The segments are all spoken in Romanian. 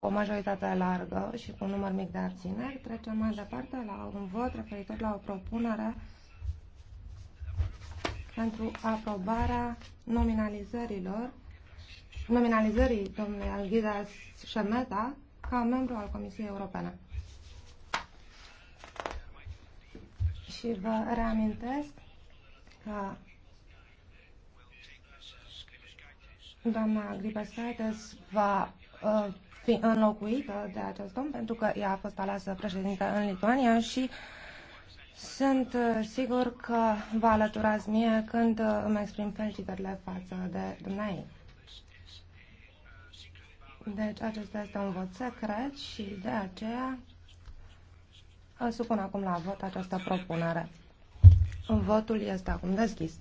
o majoritate largă și cu un număr mic de abțineri, trecem mai departe la un vot referitor la o propunere pentru aprobarea nominalizărilor, nominalizării domnului Alghida Șemeta ca membru al Comisiei Europene. Și vă reamintesc că doamna Gripesaites va uh, fi înlocuită de acest om, pentru că ea a fost aleasă președinte în Lituania și sunt uh, sigur că vă alăturați mie când uh, îmi exprim felicitările față de dumneai. Deci acesta este un vot secret și de aceea supun acum la vot această propunere. Votul este acum deschis.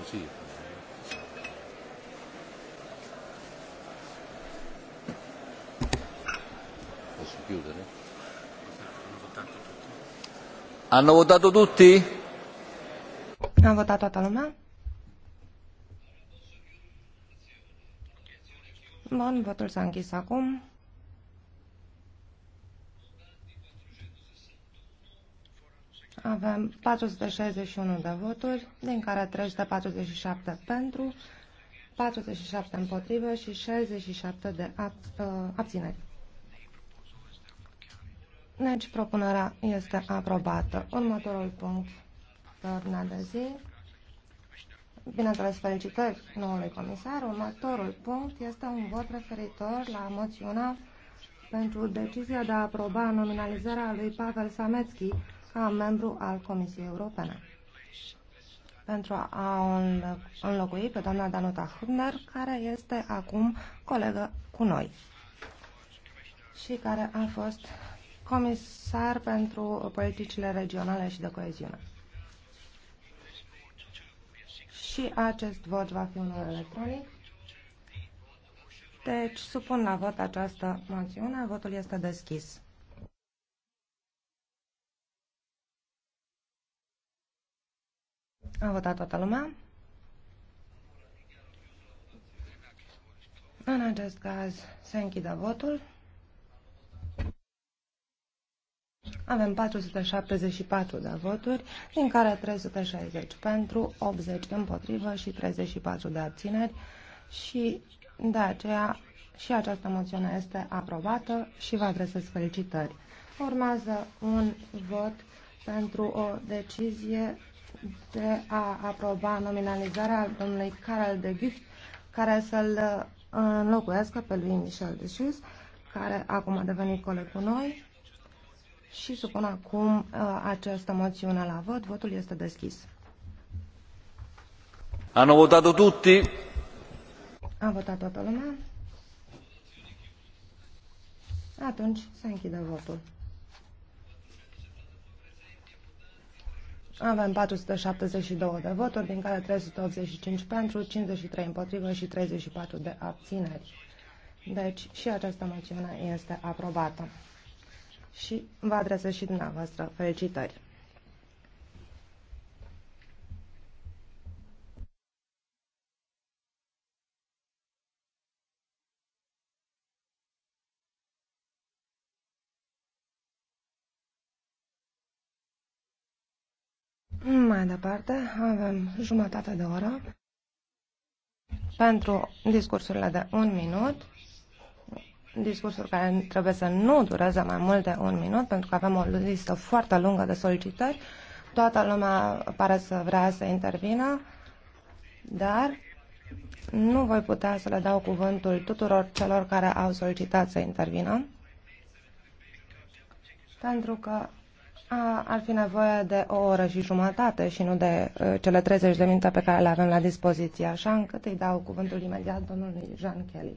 così. Posso chiudere? Hanno votato tutti? Hanno votato a lumea? Bun, votul s-a închis acum. Avem 461 de voturi, din care 347 pentru, 47 împotrivă și 67 de ab, ă, abțineri. Deci, propunerea este aprobată. Următorul punct pe ordinea de zi. Bineînțeles, felicitări noului comisar. Următorul punct este un vot referitor la moțiunea pentru decizia de a aproba nominalizarea lui Pavel Sametski ca membru al Comisiei Europene pentru a înlocui pe doamna Danuta Hübner, care este acum colegă cu noi și care a fost comisar pentru politicile regionale și de coeziune. Și acest vot va fi unul electronic. Deci, supun la vot această moțiune. Votul este deschis. A votat toată lumea? În acest caz se închide votul. Avem 474 de voturi, din care 360 pentru, 80 împotrivă și 34 de abțineri și de aceea și această moțiune este aprobată și vă adresez felicitări. Urmează un vot pentru o decizie de a aproba nominalizarea domnului Carol de Gucht, care să-l uh, înlocuiască pe lui Michel de Jus, care acum a devenit coleg cu noi. Și supun acum uh, această moțiune la vot. Votul este deschis. Hanno votato tutti? A votat toată lumea? Atunci se închide votul. Avem 472 de voturi, din care 385 pentru, 53 împotrivă și 34 de abțineri. Deci și această moțiune este aprobată. Și vă adresez și dumneavoastră felicitări. Mai departe, avem jumătate de oră pentru discursurile de un minut, discursuri care trebuie să nu dureze mai mult de un minut, pentru că avem o listă foarte lungă de solicitări. Toată lumea pare să vrea să intervină, dar nu voi putea să le dau cuvântul tuturor celor care au solicitat să intervină, pentru că ar fi nevoie de o oră și jumătate și nu de uh, cele 30 de minute pe care le avem la dispoziție, așa încât îi dau cuvântul imediat domnului Jean Kelly.